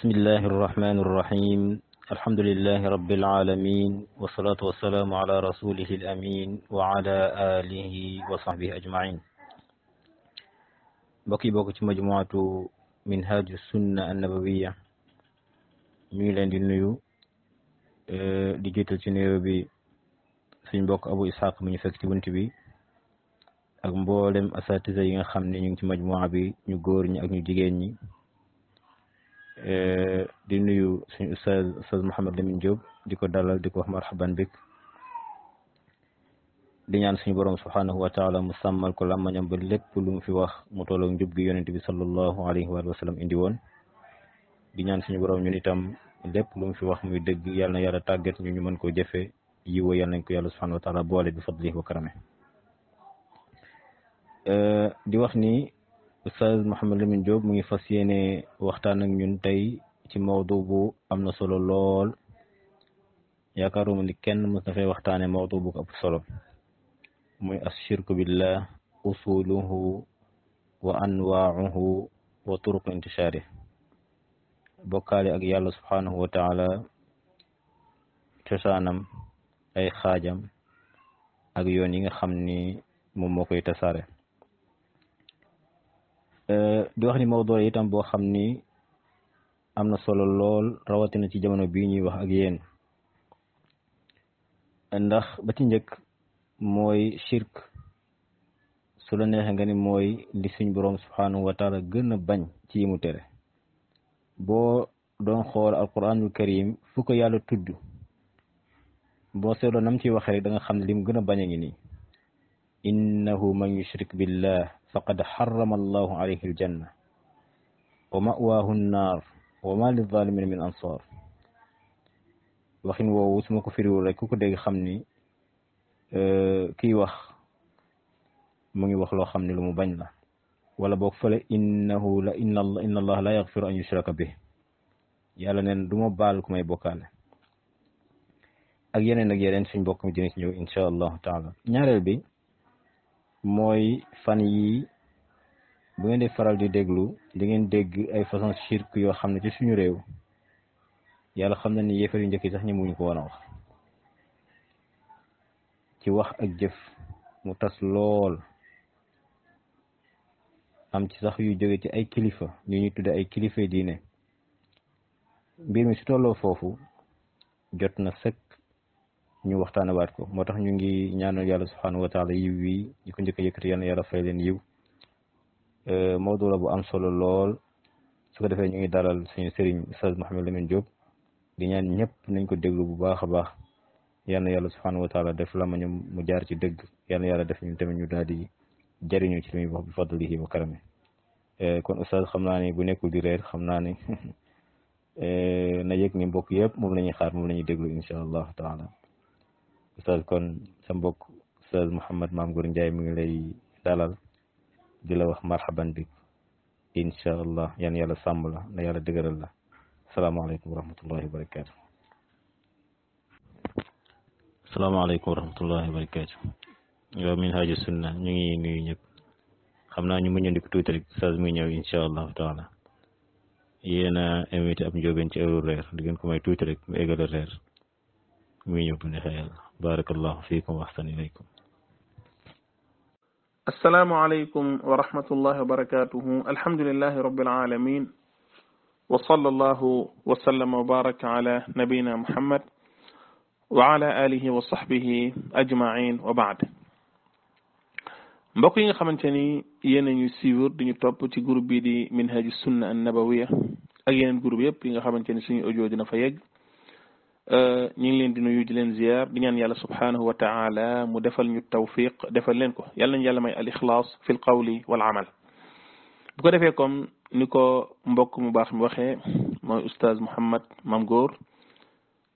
بسم الله الرحمن الرحيم الحمد لله رب العالمين والصلاة والسلام على رسوله الأمين وعلى آله وصحبه أجمعين بقي بقت مجموعة من هذه السنة النبوية ميلان دي نيو آه، دي جيتال بي سين بوك ابو اسحاق من فك بنتي بي ak mboolem asatisa yi nga بي ne ñu ngi Eh, di nuyu suñu ustaz ustaz Mouhamed Lamine Diop di ko dalal di ko wax marhaban bik di ñaan suñu borom subhanahu wa taala mu sàmmal ko làmmañam ba lépp lu mu fi wax mu tolloog njub gi yonent bi sallallahu alayhi wa sallam indi woon di ñaan suñu borom ñun itam lépp lu mu fi wax muy dëgg yàlla na yàlla tàggat ñu ñu mën koo jëfe yiwa yàlla nañ ko yàlla subhanahu wa taala bi fadlihi wa استاذ محمد لمن جوب مغي فاسيني وقتان اك نيون تاي تي موضوع بو امنا سولو لول ياكارو من كين مسنا في وقتان موضوع بو ابو سولو مي الشرك بالله اصوله وانواعه وطرق انتشاره بوكالي اك يالله سبحانه وتعالى تشانم اي خاجم اك يوني خامني مو موكاي تساره Euh, di wax ni Maodo la itam boo xam ni am na solo lool rawatina ci jamono bii ñuy wax ak yéen ndax ba ci njëkk mooy shirk su la neexee nga ni mooy li suñ boroom subhanahu wa gën a bañ ci yi tere boo doon xool alquranul karim fu ko yàlla tudd boo seetloo nam ciy waxee rek da xam ne li gën a bañ a ngi nii innahu man yushrik billah faqad harrama allahu alayhi aljanna wa mawaahu nnaar wa ma lilzalimina min ansar waxin wa su ma ko firiwul rek ku ko dégg xam ni euh, kiy wax mu ngi wax loo xam ne lu mu bañ la wala boog fële innahu la inna inna allah la yaxfiru an yushraka bi yàlla neen du ma baal ku may bokkaale ak yeneen ak yeneen suñ bokk mi dina ci ñëw incha allahu taala mooy fan yii bu ngeen di faral di déglu di ngeen dégg ay façon cirque yoo xam ne ci suñu réew yàlla xam na ni yéefar yu njëkk yi sax ñi muñu ko woon wax ci wax ak jëf mu tas lool am ci sax yu jóge ci ay kilifa ñu ñuy tudde ay kilifa diine mbir mi su tolloo foofu jot na sëkk ñu waxtaane waat ko moo tax ñu ngi ñaanal yàlla subhanahu wa taala yiw wii ñu ko njëkk a yëkkati yal na yàlla fay leen yiw Maodo la bu am solo lool su ko defee ñu ngi dalal suñu sëriñ Oustaz Mouhamed Lamine Diop di ñaan ñëpp nañ ko déglu bu baax a baax yal na yàlla subhanahu wa taala def la ma ñu mu jaar ci dëgg yal yàlla def ñu tamit ñu daal di jariñu ci li muy wax bi fadlihi wa karami kon Oustaz xam naa ne bu nekkul di reer xam naa ne na yëg ni mbokk yëpp moom la xaar moom la ñuy déglu incha allah taala oustaz kon sa mbokk oustaz Mouhamed Mame Goor Ndiaye mi ngi lay dalal di la wax marhaban bi incha allah yan yàlla sàmm la na yàlla dëgëral la salaamaaleykum wa rahmatullahi wa barakaatu. salaamaaleykum wa rahmatullahi wa barakaatu. yow Minhaju Sunna ñu ngi nuyu ñëpp xam naa ñu muñandiku tuuti rek oustaz muy ñëw incha allahu taala yéen a invité ab njóobeen ci heure reer di ngeen ko may tuuti rek mu égal reer. ابن خيال بارك الله فيكم واحسن اليكم السلام عليكم ورحمة الله وبركاته الحمد لله رب العالمين وصلى الله وسلم وبارك على نبينا محمد وعلى آله وصحبه أجمعين وبعد بقي خمنتني ين يسير دني توب تجربي دي من السنة النبوية أجن جربي بقي خمنتني سني أجودنا فيج ñu ngi leen di nuyu di leen ziar di ñaan yàlla subhanahu wa taala mu defal ñu tawfiq defal leen ko yàlla nañu yàlla may al ixlaas fi l qawli wal amal bu ko defee comme ni ko mbokk mu baax mi waxee mooy oustaz Mouhammad Mame Goor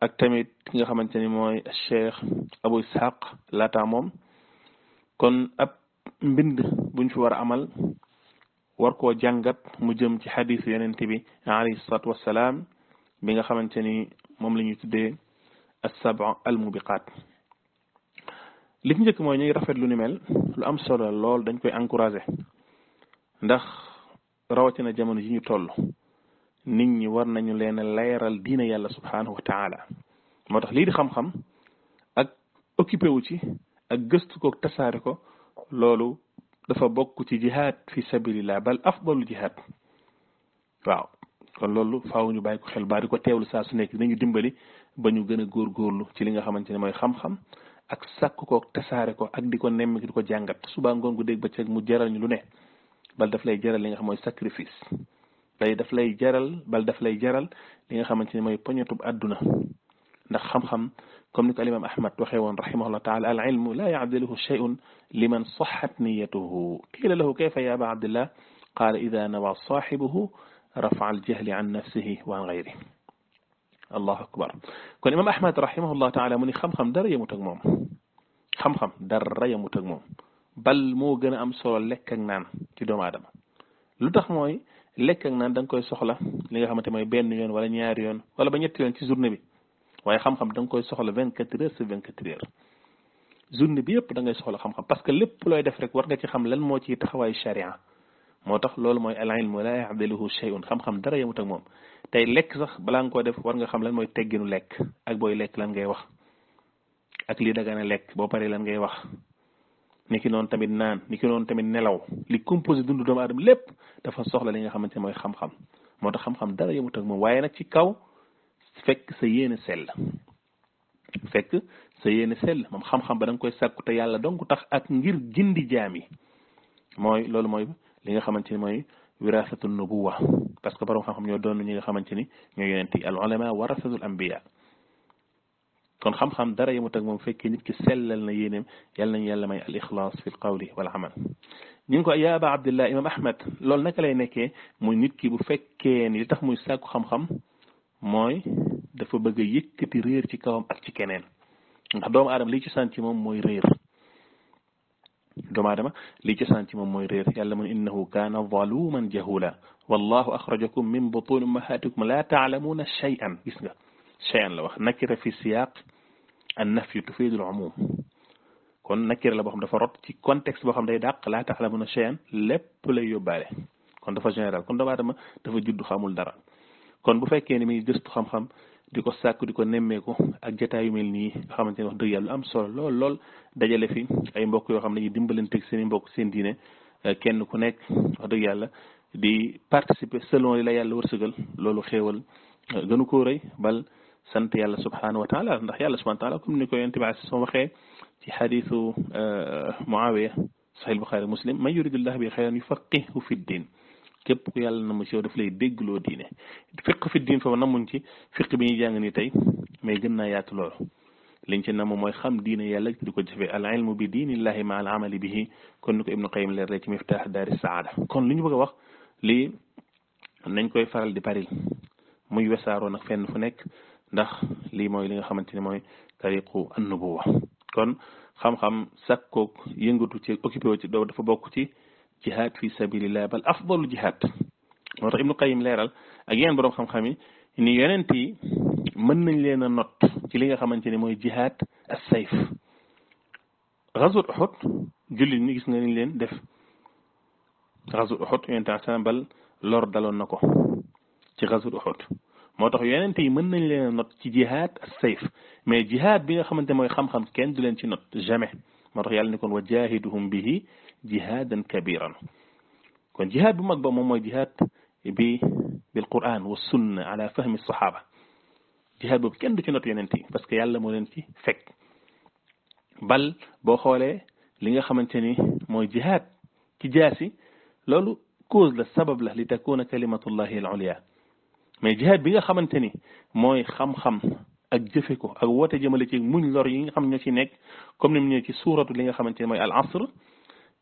ak tamit ki nga xamante ni mooy cheikh Abou Ishaq laata moom kon ab mbind buñ fi war a amal war koo jàngat mu jëm ci xadisu yonent bi alayhi salaatu wassalaam bi nga xamante ni mom lañuy as sab al al-mubiqat li ñëk moy mooy rafet lu ni mel lu am solo lool dañ koy encourager ndax rawati na jamono ji ñu toll nit ñi war nañu leena leeral diina yàlla subhanahu wa taala motax li di xam-xam ak occupé wu ci ak gëstu ko tassare ko loolu dafa bokku ci jihad fi sabilillah bal afdalu jihad waaw kon loolu faaw ñu bàyyi ko xel baa ko teewlu saa su nekk dinañu dimbali ba ñu gën a góorgóorlu ci li nga xamante ne mooy xam-xam ak sàkk ko tasaare ko ak di ko nemm jàngat subaa ngoon gu dégg ba ceeg mu jaral ñu lu ne bal daf lay jaral li nga xam mooy sacrifice day daf lay jaral bal daf lay jaral li nga xamante ne mooy aduna àdduna ndax xam-xam comme ni ko alimam ahmad waxee woon rahimahullah taala al ilmu la yaadiluhu shayun liman sahhat niyatuhu qila lahu kayfa ya Abdullah abdillah qala ida nawa saaxibuhu رفع الجهل عن نفسه وعن غيره الله أكبر كون إمام أحمد رحمه الله تعالى مني خم خم در يمتغموم خم خم در يمتغموم بل مو جن أم سورة لك نان تدوم آدم لتخ موي لك نان دن كوي سخلا لغا خمتي موي بين يون ولا نيار يون ولا بنيت يون تزور نبي waye xam xam dang koy soxla 24 heures sur 24 heures journée bi yépp da ngay soxla xam xam parce que lépp looy def rek war nga ci xam lan moo motax tax moy mooy al ilmu laa yaadiluhu shay'un xam-xam dara yamut ak mom tay lek sax balang ko def war nga xam lan moy tegginu lek ak boy lek lan ngay wax ak li dagana lek bo pare lan ngay wax niki non tamit nan niki non tamit nelaw li composé dundu doomu adam lépp dafa soxla li nga xamanteni moy mooy xam-xam moo tax xam-xam dara yamut ak mom waye nak ci kaw fekk sa yene sel fekk sa yene sel mom xam-xam ba dang koy sàkku te yàlla dong tax ak ngir jindi jami moy lolou moy li nga xamanteni moy wirasatu nubuwa parce que borom xam-xam ñoo doon ñi nga xamanteni ñoo yonent al ulama warasatul anbiya kon xam-xam dara yemut ak mom fekke nit ki selal na yéeneem yàlla nañu yàlla may al ikhlas fi l qawli wal amal ñi ko ya ba abdullah imam ahmad lol nak lay nekké moy nit ki bu fekke ni li tax muy sàkku xam-xam moy dafa bëgg yëkëti yëkkati réer ci kawam ak ci keneen ndax doomu adam li ci santi mom moy mooy réer جمادما لي جسانتي موي رير يالا من انه كان ظلوما جهولا والله اخرجكم من بطون امهاتكم لا تعلمون شيئا غيسغا شيئا لا واخ نكر في سياق النفي تفيد العموم كون نكر لا بوخم دا فروت سي كونتكست بوخم داي داق لا تعلمون شيئا لب لا يوباله كون دا فا جينيرال كون دا بادما دا فا جودو خامول دارا كون بو فكيني مي جست خام خام di ko sàkk di ko nemmeeku ak jotaay yu mel nii nga xamante ne wax dëgg yàlla am solo lool lool dajale fi ay mbokk yoo xam ne ñu dimbalanteeg seen i mbokk seen diine eh, kenn ku nekk wax dëgg yàlla di participer selon li la yàlla wërsëgal loolu xéewal eh, gënu koo rëy bal sant yàlla subhanahu wa taala ndax yàlla subhanahu wa taala comme ni ko a bi sama waxee ci xadiisu eh, Muawiya sahih Buxaari Muslim man yuridillahu bi xayran yufaqihu fi ddin كيف يال نمشي ورفلا يدق لو دينه فقه في الدين فما نمشي فقه بيني جانغ نتاي ما يجنا ياتلو لينش نم ما يخم دين يال تدك جف العلم بدين الله مع العمل به كنك ابن قيم لرجم مفتاح دار السعادة كن لين بقى وقت لي ننكو يفعل دباريل ما يوسارو نفهم فنك ده لي ما يلين خم تني ما طريق النبوة كن خم خم سكوك ينقطو تي اكبيو تي دو دفبوك تي جهاد في سبيل الله بل أفضل الجهاد مرة ابن القيم ليرال أجيان بروم خم خمي إن يننتي من لينا نط تلقى خمان تني مو جهاد السيف غزو أحد جلي نيجس نين لين دف غزو أحد ينتع سام بل لور دالون نكو تي أحد موتاخ يننتي من لينا نط جهاد السيف مي جهاد بيغا خمان تني مو خم خم كين دولين نط جامي موتاخ يال وجاهدهم به جهادا كبيرا كون جهاد بمك بمومو جهاد بي بالقرآن والسنة على فهم الصحابة جهاد بكندو كنوت يننتي بس كي يعلمو ننتي فك بل بوخولي لنغا خمانتني مو جهاد تجاسي لولو كوز للسبب له لتكون كلمة الله العليا ما جهاد بيغا خمانتني مو خم خم ak jëfeko ak wote jëmale ci muñ lor yi nga xam ñoo ci nekk comme ni ñu ci sourate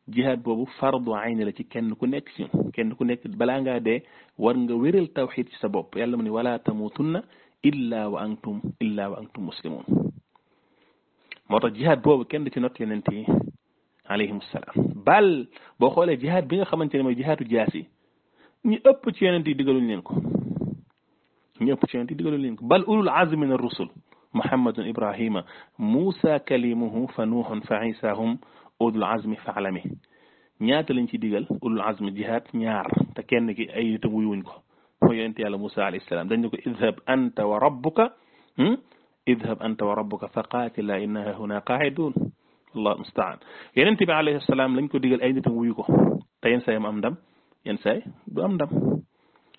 jihaad boobu fardu ayn la ci kenn ku nekk ci kenn ku nekk bala nga de war nga wéral tawhid ci sa bop yàlla mu ni wala tamutunna illa wa antum illa wa antum muslimun moo jihad bobu kenn ci not yenenti alayhi alayhim bal bo xolé jihad bi nga xamanteni moy jihadu jasi ñi ëpp ci yenenti digalul digaluñ leen ko ñi ëpp ci yenenti digalul digaluñ leen ko bal ulul azm min ar rusul محمد ابراهيم موسى كلمه فنوح فعيسى هم أول العزم فعلمي نيات لين تيجيل أول العزم جهاد نيار تكين كي أي تبويونكو هو ينتهي على موسى عليه السلام دنيكو اذهب أنت وربك هم؟ اذهب أنت وربك فقاتل إنها هنا قاعدون الله المستعان يعني ينتبع عليه السلام لنكو ديغل اي نيتو ويوكو تا ينسى ام امدم ينسى دو امدم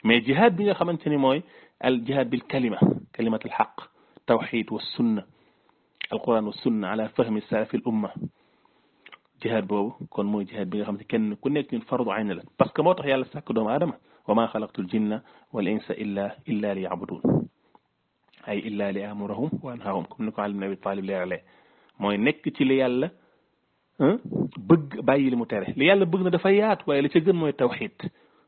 مي جهاد بيغا خامتيني موي الجهاد بالكلمه كلمه الحق توحيد والسنه القران والسنه على فهم السلف الامه jihad bobu kon moy jihad bi nga xam kenn ku nekk ñun fardu ayn la parce que motax yàlla sak doom aadama wa maa xalaqtul jinna wal insa illa illa li yabudun ay illa li amruhum wa anhahum kum nako ko nabi ibn Abi Talib leeralee mooy nekk ci li yàlla hein bëgg bàyyi li mu tere li yàlla bëgg na dafa yaat way li ci gën moy tawhid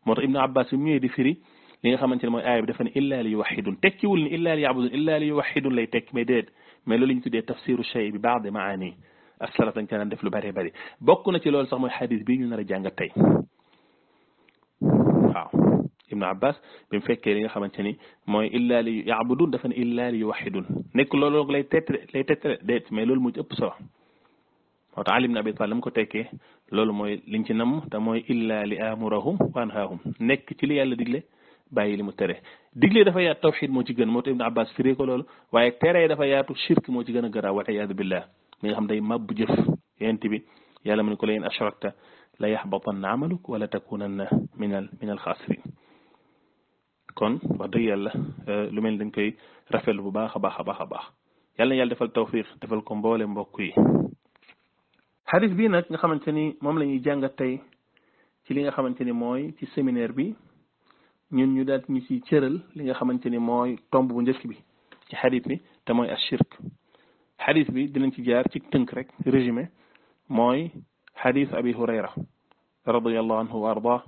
motax Ibnu Abbas bi mu ñëwee di firi li nga xamanteni moy mooy bi dafa ni illa li yuwaxidun tekkiwul ni illa li yabudun illa li yuwahhidun lay tek mais déedéet mais loolu ñu tuddé tafsiru shay bi ba'd maani ak salaf dañ ca def lu bëree bëri bokk na ci loolu sax mooy xadis bii ñu nar a jàngat tey waaw Ibn Abbas bi li nga xamante ni mooy illaa li yaabudun dafa ne illaa li yuwaxidun nekk loolu lay tettre lay tettre déet mais loolu moo ëpp solo moo tax Ali ibn Abi Talib la mu ko tekkee loolu mooy liñ ci nam te mooy illaa li amurahum wa anhaahum nekk ci li yàlla digle bàyyi li mu tere digle dafa yaatu tawxid moo ci gën moo tax Ibn Abbas firee ko loolu waaye tere dafa yaatu shirk moo ci gën a garaaw wal iyaadu billah mi nga xam day màbbu jëf yonent bi yàlla mu ne ko la in ashrakta la yaxbatanna amaluk wala takunanna minal minal xaasirin kon wax dëgg yàlla lu mel dañ koy rafetlu bu baax a baax a baax a baax yàlla na yàlla defal tawfiq defal ko mboole mbokk yi xadis bii nag nga xamante ni moom la ñuy jàngat tey ci li nga xamante ni mooy ci séminaire bi ñun ñu daal ñu ci cëral li nga xamante ni mooy tomb bu njëkk bi ci xadis bi te mooy ashirk حديث بي دي نانتي جار تي تنك ريك ريجيمي موي حديث ابي هريره رضي الله عنه وارضاه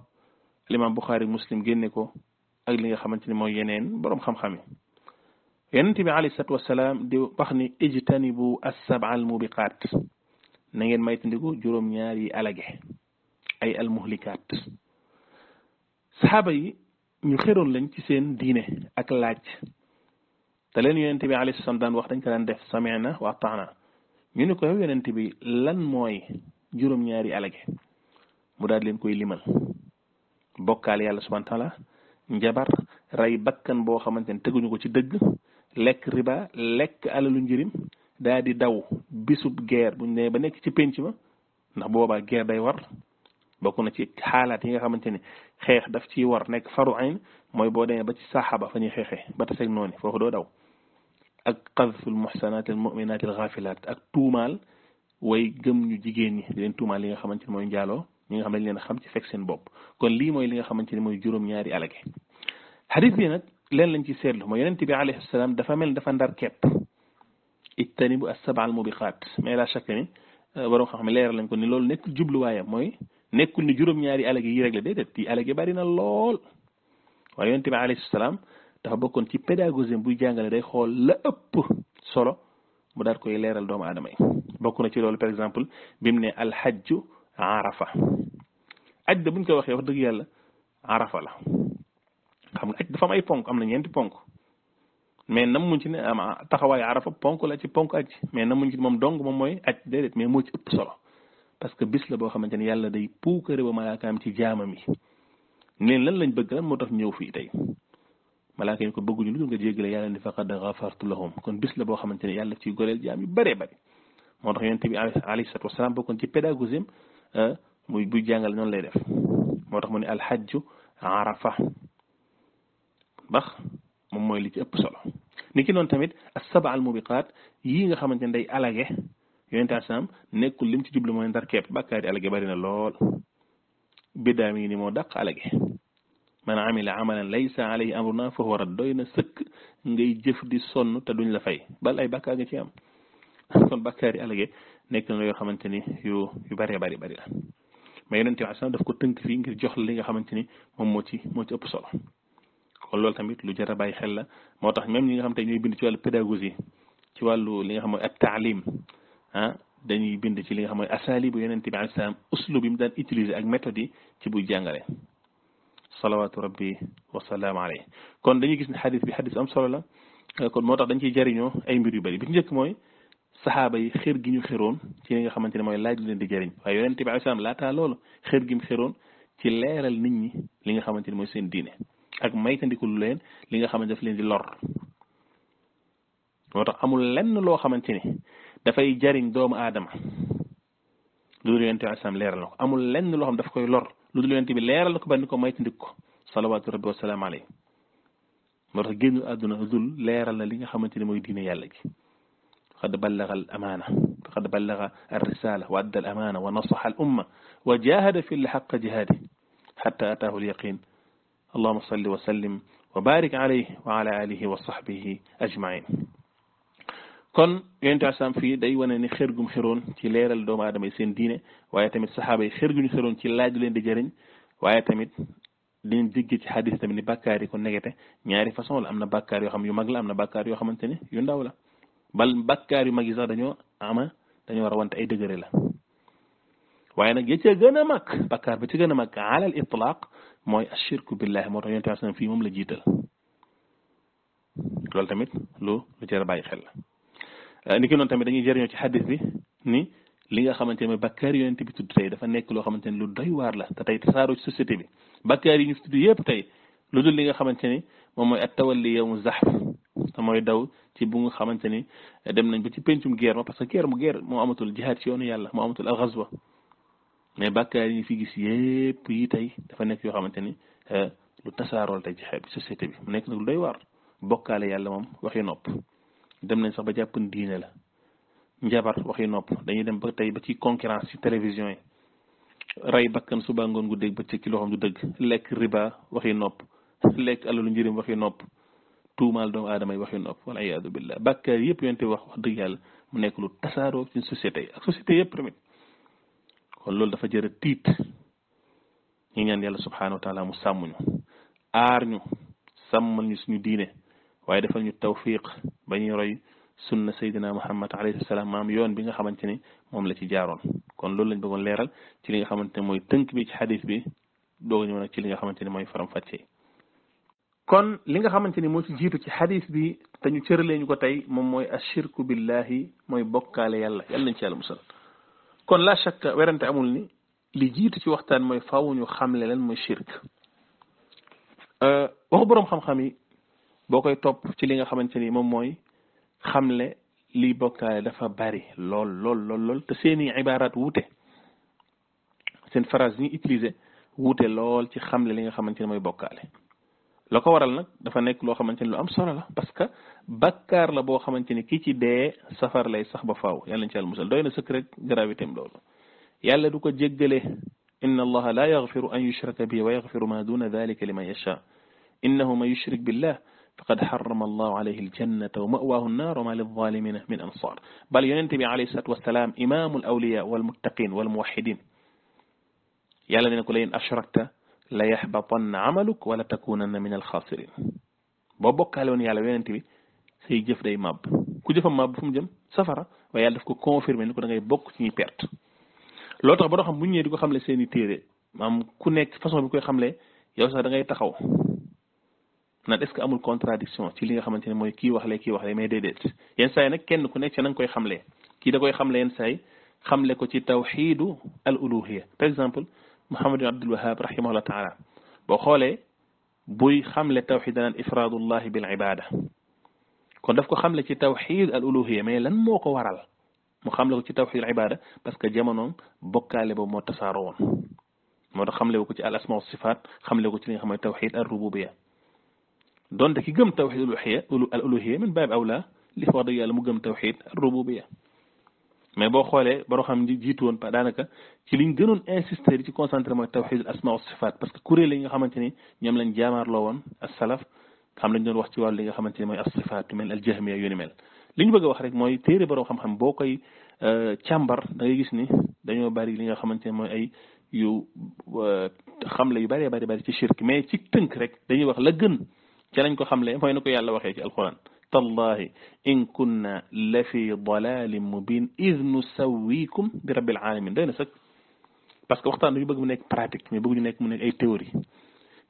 الامام بخاري ومسلم جينيكو اك ليغا خامتيني موي يينين بروم خام خامي يانتي بي عليه الصلاه والسلام دي واخني اجتنبوا السبع الموبقات نين ماي تنديكو جوروم نياري الاغي اي المهلكات صحابي ñu xéron lañ ci seen diiné ak laaj te leen yonent bi alayhi salaam daan wax dañ ko daan def sami'na wa ata'na ñu ne ko yow bi lan mooy juróom-ñaari alage mu daal leen koy limal bokkaal yàlla subhaanahu wa jabar njabar rey bakkan boo xamante ne teguñu ko ci dëgg lekk riba lekk alalu njërim daa daw bisub guerre buñ nee ba nekk ci pénc ma ndax booba guerre day war bokk na ci xaalaat yi nga xamante ni xeex daf ciy war nekk faru ayn mooy boo demee ba ci saxaaba fa ñuy xeexee ba taseeg noonu foofu doo daw ak xarful muhsanat al mu'minat al ghafilat ak tumal way gëm ñu jigéen ñi di len tumal li nga xamanteni moy mooy ñi nga xamanteni len xam ci fek seen bop kon li moy li nga xamanteni moy mooy naari alage hadith bi nak len lañ ci sétlu moy yenen tibbi alayhi salaam dafa mel dafa ndar kep ittanibu as-sab'a al mubiqat mais la chaque ni waro xam leer lañ ko ni nek jublu waye moy nekul ni juróom-ñaari alage yi rek la déedéet yi alage bari na lool wa yenen tibbi alayhi salaam dafa bokkoon ci pédagogie buy jàngale day xool la ëpp solo mu daal koy leeral doomu aadama yi bokk na ci loolu par exemple bi mu ne alxajju arafa aj da buñ koy waxee wax dëgg yàlla arafa la xam nga aj ay ponk am na ñeenti ponk mais nam muñ ci ne am taxawaayu arafa ponk la ci ponk aj mais nam muñ ci moom dong moom mooy aj déedéet mais moo ci ëpp solo parce que bis la boo xamante ni yàlla day a ba malaakaam ci jaamam yi leen lan lañ bëgg lan moo tax ñëw fii tey malaaka yi ko bëgguñu lu dul nga jéggale yàlla ni faqad ghafartu lahum kon bis la boo xamante ne yàlla ci goreel jaam yu bëree bëri moo tax yonent bi alayhi salaatu wasalaam bokkoon ci pédagogie am muy buy jàngal noonu lay def moo tax mu ne alxajju arafa ndax moom mooy li ci ëpp solo ni ki noonu tamit as-sab'a al-mubiqaat yii nga xamante ne day alage yonent asaam nekkul lim ci jublu mooy ndar kepp bàkkaari alage bari na lool biddaa mi ngi ni moo dàq alage man amila amalan laysa alayhi na fa huwa rad doy na sëkk ngay jëf di sonn te duñ la fay bal ay bàkkaar nga ci am kon bàkkaar yi àllage nekk na yoo xamante ni yu yu bëree bari bëri la mais yonente bi sax ko tënk fii ngir jox li nga xamante ni moom moo ci moo ci ëpp solo kon loolu tamit lu jar a bàyyi xel la moo tax même li nga xam te ñuy bind ci wàllu pédagogie ci wàllu li nga xam mooy at taalim ah dañuy bind ci li nga xam mooy asali bu yonente bi alayhi salaam uslub bi mu daan utiliser ak méthode yi ci buy jàngale salawaatu rabbi wasalaam alayhi kon dañuy gis ne xadis bi xadis am solo la kon moo tax dañ ciy jariñoo ay mbir yu bari bi ci njëkk mooy saxaaba yi xër gi ñu xëroon ci li nga xamante ne mooy laaj lu leen di jariñ waaye yonente bi alayhi salaam laataa loolu xër gi mu xëroon ci leeral nit ñi li nga xamante ne mooy seen diine ak maytandiku lu leen li nga xamante daf leen di lor moo tax amul lenn loo xamante ni dafay jariñ doomu aadama loolu yonente bi alayhi salaam leeral na ko amul lenn loo xam daf koy lor لودل ينتي بالليل لك بندك ما يتندك صلوات ربي وسلام عليه مرة جنوا أدنى لودل ليل الله لينا خم تني مودينا يالك قد بلغ الأمانة قد بلغ الرسالة وأدى الأمانة ونصح الأمة وجاهد في حق جهاده حتى أتاه اليقين اللهم صل وسلم وبارك عليه وعلى آله وصحبه أجمعين kon yonente asam fi day wane ni xergum gum ci leeral doomu aadama yi seen diine waaye tamit saxaaba yi xër guñu xëroon ci laaj leen di jëriñ waaye tamit dinañ jégge ci xadis tamit ni bàkkaar yi ko negete ñaari façon la am na bàkkaar yoo xam yu mag la am na bàkkaar yoo xamante ni yu ndaw la bal bàkkaar yu mag yi sax dañoo ama dañoo wante ay dëgëre la waaye nag ya ca gën a mag bàkkaar ba ci gën a mag alal itlaq mooy ashirku billahi moo tax yonente asam fii moom la jiital loolu tamit lu lu jar a bàyyi xel la ni ki noonu tamit dañuy jëriñoo ci xaddis bi ni li nga xamante ne bakkaar yonent bi tudd tey dafa nekk loo xamante ne lu doy waar la te tey tasaaroo ci société bi bakkaar yi ñu fi yëpp tey lu dul li nga xamante ni moom mooy at tawalli yawmu zahf te mooy daw ci bu nga xamante ni dem nañ ba ci pencum guerre ma parce que guerre mu guerre moo amatul jihaad ci yoonu yàlla moo amatul al-ghazwa mais bakkaar yi fi gis yëpp yi tey dafa nekk yoo xamante ni euh, lu tasaarool tey ci mu nekk nag lu doy waar bokkaale yàlla moom waxi nopp dem nañ sax ba jàpp diine la njabar waxi nopp dañuy dem ba tey ba ci concurrence ci télévision yi rey bakkan suba ngoon gu dégg ba ci kilo xam du dëgg lekk riba waxi nopp lekk alalu njëriñ waxi nopp tuumaal doomu aadama yi waxi nopp wala iyaadu billah bàkkaar yëpp yonte wax wax dëgg yàlla mu nekk lu tasaaroo ci société yi ak société yëpp tamit kon loolu dafa jër a tiit ñu ñaan yàlla subhaanahu wa taala mu sàmm ñu aar ñu sàmmal ñu suñu diine waaye defal ñu tawfiq ba roy sunna saydina muhammad alayhi salam maam yoon bi nga xamanteni mom la ci jaaroon kon loolu lañ bëggoon leral ci li nga xamanteni moy teunk bi ci hadith bi doog ñu nak ci li nga xamanteni moy faram fatte kon li nga xamanteni mo ci jitu ci hadith bi te ñu cëralee ñu ko tay mom moy ashirku billahi moy bokkale yàlla yàlla nañ ci yàlla musal kon la shak werante amul ni li jitu ci waxtaan moy faawu ñu xamle lan moy shirk waxu boroom xam-xam yi boo top ci li nga xamanteni mom moy xamle li bokale dafa bari lol lol lol lol te seeni ibarat wute sen phrase ni utiliser wute lol ci xamle li nga xamanteni moy bokale lako waral nak dafa nek lo xamanteni lu am solo la parce que bakkar la bo xamanteni ki ci dé safar lay sax ba faaw yàlla ci yàlla musal doyna secret gravité am loolu yàlla du ko jéggale inna allaha la yaghfiru an yushraka bihi wa yaghfiru ma duna dhalika liman yasha innahu man فقد حرم الله عليه الجنة ومأواه النار وما للظالمين من أنصار بل ينتبه عليه الصلاة والسلام إمام الأولياء والمتقين والموحدين يا لدينا كلين أشركت يحبطن عملك ولا تكونن من الخاسرين بابوك قالون يا لدينا ينتبه سي جف دي ماب كو جف ماب فم جم سفر ويا كو كونفير من كو نغي بوك سيني بيرت لوتر بدو خم بنيه دي كو خملي سيني تيري مام كو نيك فاسم بكو خملي يوسا دي تخو nan est-ce amul contradiction ci li nga xamanteni moy ki wax lay ki wax lay may dedet yeen say nak kenn ku nekk ci nang koy xamle ki da koy xamle yeen say xamle ko ci tawhid al uluhiyya par exemple Muhammad ibn Abdul Wahab rahimahullah taala bo xole buy xamle tawhid danaan ifradullah bil ibada kon daf ko xamle ci tawhid al uluhiyya may lan moko waral mu xamle ko ci tawhid al ibada parce que jamono bokale bo mo tasaro won mo do xamle ko ci al asma wa sifat xamle ko ci li nga xam tawhid ar rububiyya دون داكي گم توحيد الوحيه الالوهيه من باب اولى لي فرض يالا مو گم توحيد الربوبيه مي بو خولي بروخام جيتون با دانكا كي لي گنون انسيستير تي توحيد الاسماء والصفات باسكو كوري لي خا مانتيني نيام لا السلف خام لا نون واخ تي وال لي الصفات من الجهميه يوني مل لي نيبغا واخ ريك موي تيري بروخام خام بوكاي تيامبار دا باري لي خا مانتيني اي يو خام لا باري باري باري تي شرك مي تي تنك ريك ca lañ ko xamle mooy na ko yàlla waxee ci alquran tallahi in kunna la fi dalalin mubin id nusawikum bi rabbil alamin doy na sax parce que waxtaan dañu bëgg mu nekk pratique mais bëgg ñu nekk mu nekk ay théorie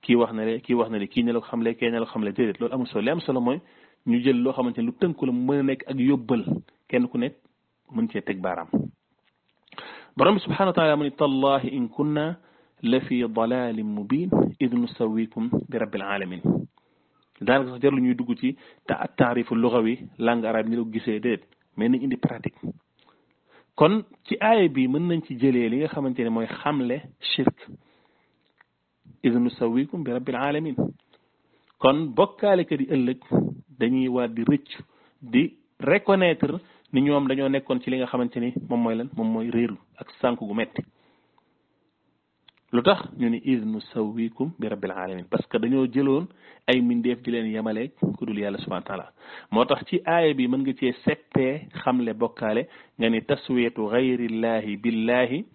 kii wax na le kii wax na le kii ne la ko xamle kee ne la ko xamle déedéet loolu amul solo li am solo mooy ñu jël loo xamante ne lu tënku la mu mën a nekk ak yóbbal kenn ku nekk mën cee teg baaraam borom bi subhanahu wa taala mu ne tallahi in kunna la fi dalalin mubin id nusawikum bi rabbil alamin daanaka sax jarul ñuy dugg ci te ak taarifu luxawi langue arabe ni la gisee déet mais nañ indi pratique kon ci aaya bi mën nañ ci jëlee li nga xamante ne mooy xamle shirk idnu sawikum bi rabbil alamin kon bokkaalekat yi ëllëg dañuy war di rëcc di reconnaître ni ñoom dañoo nekkoon ci li nga xamante ni moom mooy lan moom mooy réeru ak sànk gu metti lu tax ñu ni iz nusawwikum bi rabbil alamin parce que dañoo jëloon ay mbindeef di leen yemaleeg ku dul yàlla subhana taala moo tax ci aaya bi mën nga cee seppee xamle bokkaale nga ni taswiyatu gayrillahi billahi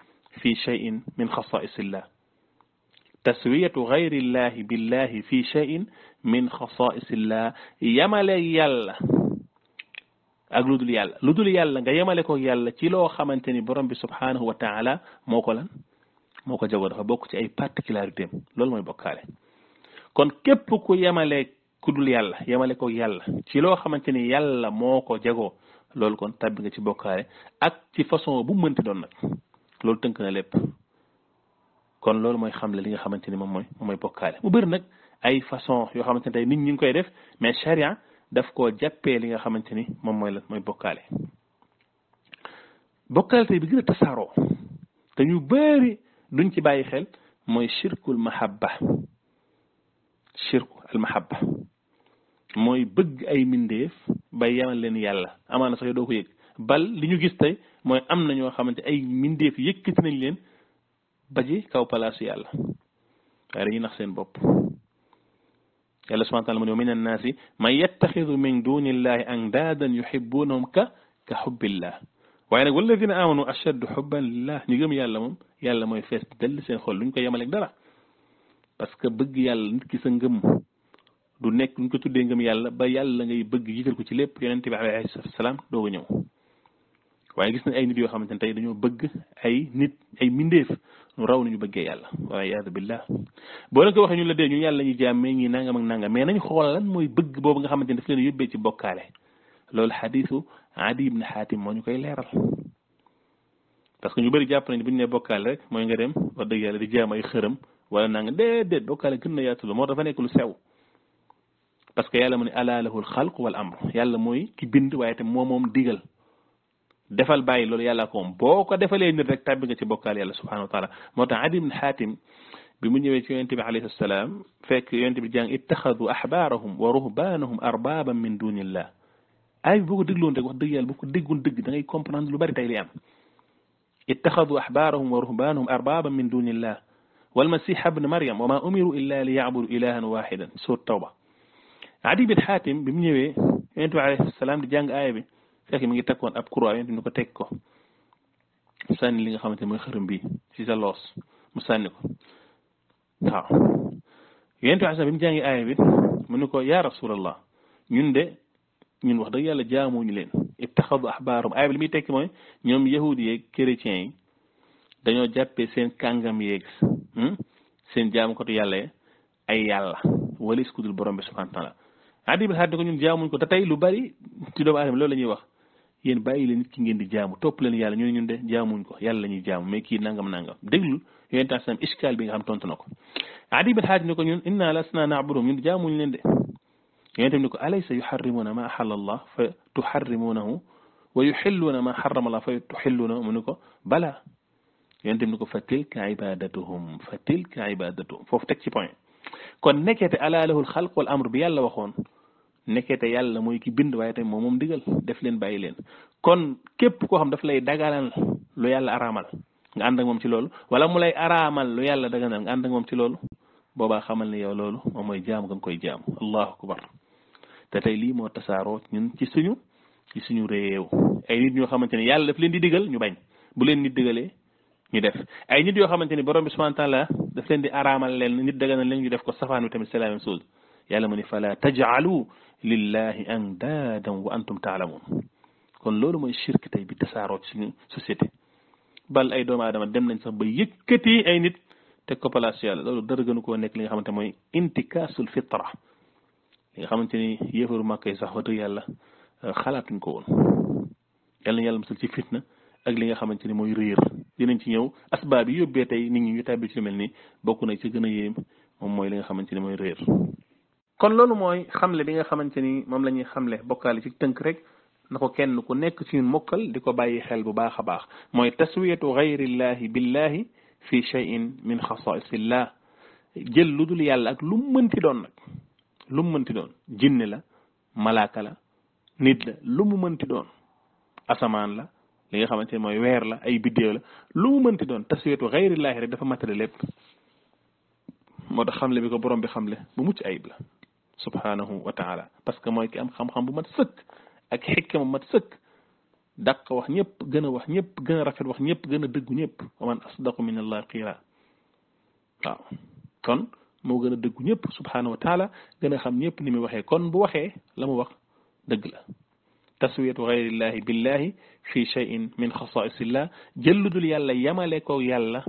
fi cheyin min xasaisillah taswiyatu gayrillahi billahi fi cheyin min xasaisillah yemaleeg yàlla ak lu dul yàlla lu dul yàlla nga yemale ko yàlla ci loo xamante ni borom bi subhanahu wa taala moo ko lan moo ko jagoo dafa bokk ci ay particularitéem loolu mooy bokkaale kon képp ku yemale ku dul yàlla yemale ko yàlla ci loo xamante ni yàlla moo ko jagoo loolu kon tàbbi nga ci bokkaale ak ci façon bu mënti doon nag loolu tënk na lépp kon loolu mooy xam xamle li nga xamante ni moom mooy moom mooy bokkaale mu bëri nag ay façon yoo xamante ni nit ñi ngi koy def mais charia daf koo jàppee li nga xamante ni moom mooy la mooy bokkaale bokkaale tey bi gën a tasaaroo duñ ci bàyyi xel mooy shirkul mahabba shirku al mahabba mooy bëgg ay mindeef ba yamal leen yàlla amaana sax yow doo ko yëg bal li ñu gis tey mooy am na ñoo xamante ay mindeef yëkkati nañ leen ba ji kaw palaasu yàlla waaye dañuy nax seen bopp yàlla subhana taala mu ne wa min annaasi man yattaxidu min duni illahi andaadan yuxibunahum ka ka xubbillah waaye nag walladina amanu ashaddu xubban lillah ñu gëm yàlla moom yàlla mooy fees dell seen xool lu ñu ko yemaleeg dara parce que bëgg yàlla nit ki sa ngëm du nekk lu ñu ko tuddee ngëm yàlla ba yàlla ngay bëgg jiital ko ci lépp yonente bi alayhi salaam dooga ñëw waaye gis na ay nit yoo xamante ne tey dañoo bëgg ay nit ay mindeef ñu raw nañu bëggee yàlla wala yaadu billah boo leen ko waxee ñu la dee ñu yàlla ñu jàmmee ñi nangam ak nangam mais nañu xool lan mooy bëgg boobu xamante ne daf leen yóbbee ci bokkaale Adi ibn hatim mo ñukay leral parce que ñu bari jàpp nañu bu né bokal rek moy nga dem wa deug yàlla di jaam ay xërëm wala naa nga déedéet bokkaale gën na yaatu mo dafa nekk lu sew parce que yàlla mo ni ala lahu al khalq wal amr yàlla moy ki bind waye itam moo moom digal defal bàyyi lolu yàlla ko boko defale ko nit rek tàbbi nga ci bokal yàlla subhanahu wa taala moo tax Adi ibn hatim bi mu ñewé ci yonente bi alayhi assalam fekk yonente bi jàng ittakhadhu ahbarahum wa ruhbanahum arbaban min dunillah ay boko boo rek wax deug yàlla boko ko deug da ngay comprendre lu bari tay li am ittakhadhu ahbarahum wa ruhbanahum arbaban min dunillah wal والمسيح ابن مريم وما أمروا إلا ليعبدوا ilahan wahidan sur tawba adi bin hatim bim ñëwé entu alayhi salam di jang ayé bi fekk mi ngi tekkon ab croix yent ni ko tek ko sanni li nga xamanté moy xërëm bi ci sa los mu sanni ko taw yent alayhi salam bim jang ayé bi mu ni ko ya rasulullah ñun de ñun wax dëgg yàlla jaamuñu leen ittaxadu ahbaarum aaya bi li muy tekki mooy ñoom yahud yeeg chrétiens yi dañoo jàppee seen kàngam yeeg hmm, seen jaamukatu yàlla ay yàlla walis ku dul borom bi subhaanahu wa taala addi bi xaat ko ñun jaamuñ ko te tey lu bari ci doomu aadama loolu la ñuy wax yéen bàyyi leen nit ki ngeen di jaamu topp leen yàlla ñu ñun de jaamuñ ko yàlla la ñuy jaamu mais kii nangam nangam déglu yonent bi iskaal bi nga xam tontu na ko addi bi xaat ko ñun inna lasna naabuduhum ñun jaamuñ leen de yonent bi ni ko alaysa yuharrimuuna ma ahalla allah fa tuharrimuunahu wa yuxilluuna ma xarama allah fa tuxilluuna mu ni ko bala yonent bi ni ko fa tilka ibadatuhum fa tilka ibadatuhum foofu teg ci point kon nekkete alaa lahul xalq wal bi yàlla waxoon nekkete yàlla mooy ki bind waaye tamit moom moom digal def leen bàyyi leen kon képp koo xam daf lay daganal lu yàlla araamal nga ànd ak moom ci loolu wala mu lay araamal lu yàlla daganal nga ànd ak moom ci loolu boobaa xamal ne yow loolu moom mooy jaam koy jaam akbar te tey lii moo tasaaroo ñun ci suñu ci suñu réew ay nit ñoo xamante ni yàlla daf leen di digal ñu bañ bu leen nit digalee ñu def ay nit yoo xamante ni borom bi subhanahu taala daf leen di araamal leen nit daganal leen ñu def ko safaan bi tamit c'est la même chose yàlla mu ni fala tajaalu lillahi andaadan wa antum taalamun kon loolu mooy shirk tey bi tasaaroo ci suñu société bal ay doom aadama dem nañ sax ba yëkkati ay nit te ko palaasu yàlla loolu dara gënu koo nekk li nga xamante mooy intikaasul fitra li nga xamante ni yéefaru màkk yi sax wax yàlla euh, xalaatuñ ko woon yal na yàlla musal ci fitna ak li nga xamante ni mooy réer dinañ ci ñëw asbaab yi yóbbee tey nit ñi ñu tàbbi ci mel ni bokk na ci gën a yéem moom mooy li nga xamante ni mooy réer. kon loolu mooy xamle bi nga xamante ni moom la ñuy xamle bokkaale ci tënk rek na ko kenn ku nekk ci ñun mokkal di ko bàyyi xel bu baax a baax mooy taswiyatu gayrillahi billahi fi cheyin min xasaisillah jël lu dul yàlla ak lu mënti doon nag. lu mënti doon jinn la malaaka la nit la lu mu mënti doon asamaan la li nga xamante ne mooy weer la ay biddéew la lu mu mënti doon tasweetu xayrillaahi rek dafa matale lépp moo tax xamle bi ko borom bi xamle bu mucc ayib la subhanahu wa taala parce que mooy ki am xam-xam bu mat sëkk ak xikma mat sëkk dàq wax ñëpp gën a wax ñëpp gën a rafet wax ñëpp gën a dëggu ñëpp man asdaqu min allah qiila waaw kon mo gëna degg ñëpp subhanahu wa taala gëna xam ñëpp ni mi waxé kon bu waxé lamu wax dëgg la taswiyatu ghayrillahi billahi fi shay'in min khasa'isillah jëllu yàlla yamale ko yàlla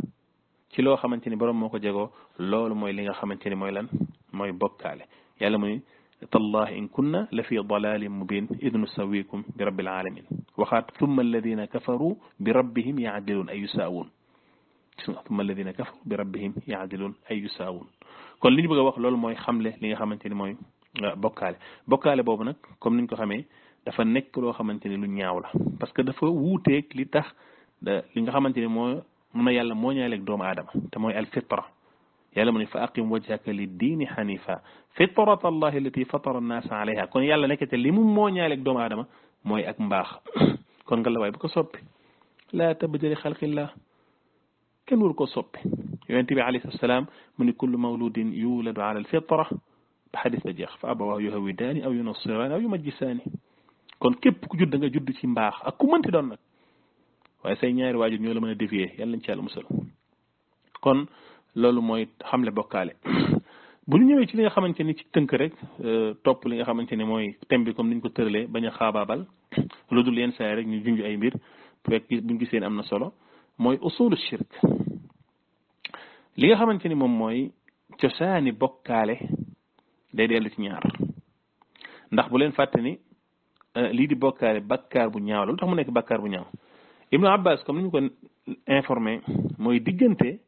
ci lo xamanteni borom moko jégo loolu moy li nga xamanteni moy lan moy bokkaale yàlla muy تالله إن كنا لفي ضلال مبين إذ نسويكم برب العالمين وخات ثم الذين كفروا بربهم يعدلون أي يساوون ثم الذين كفروا بربهم يعدلون أي يساوون kon li bëgg wax lool moy xamle li nga xamanteni moy bokalé bokalé bobu nak comme niñ ko xamé dafa nekk lo xamanteni lu ñaaw la parce que dafa wuté ak li tax li nga xamanteni ni moo yalla mo ñaalé ak doom adam te moy al fitra yàlla mu ne fa aqim wajhaka lid-din hanifa fitrata allahi allati fatara an-nas alayha kon yàlla nekk te limu mo ñaalé ak doom adam moy ak mbax kon nga la way bu ko soppi la tabdil li xalqillah كنول كو صوب يونتي عليه الصلاه والسلام من كل مولود يولد على الفطره بحديث جيخ فابواه يهوداني او ينصران او يمجساني كون كيب كو جود داغا جود سي مباخ اك كو مانتي دون نا واي سي نياري واجو نيو لا مانا ديفي يالا نتي الله مسلم كون لولو موي خاملي بوكالي bu ñu ñëwee ci li nga xamante ni ci tënk rek topp li nga xamante ni mooy tembi comme niñ ko tërale bañ a xaabaabal lu dul yenn saay rek ñu junj ay mbir fekk buñ gisee am na solo mooy usulu shirk li nga xamante ni moom mooy cosaani bokkaale day dellu ci ñaar ndax bu leen fàtte ni euh, lii di bokkaale bakkaar bu ñaaw la tax mu nekk bakkaar bu ñaaw Ibnu Abbas comme ni ñu ko informé mooy diggante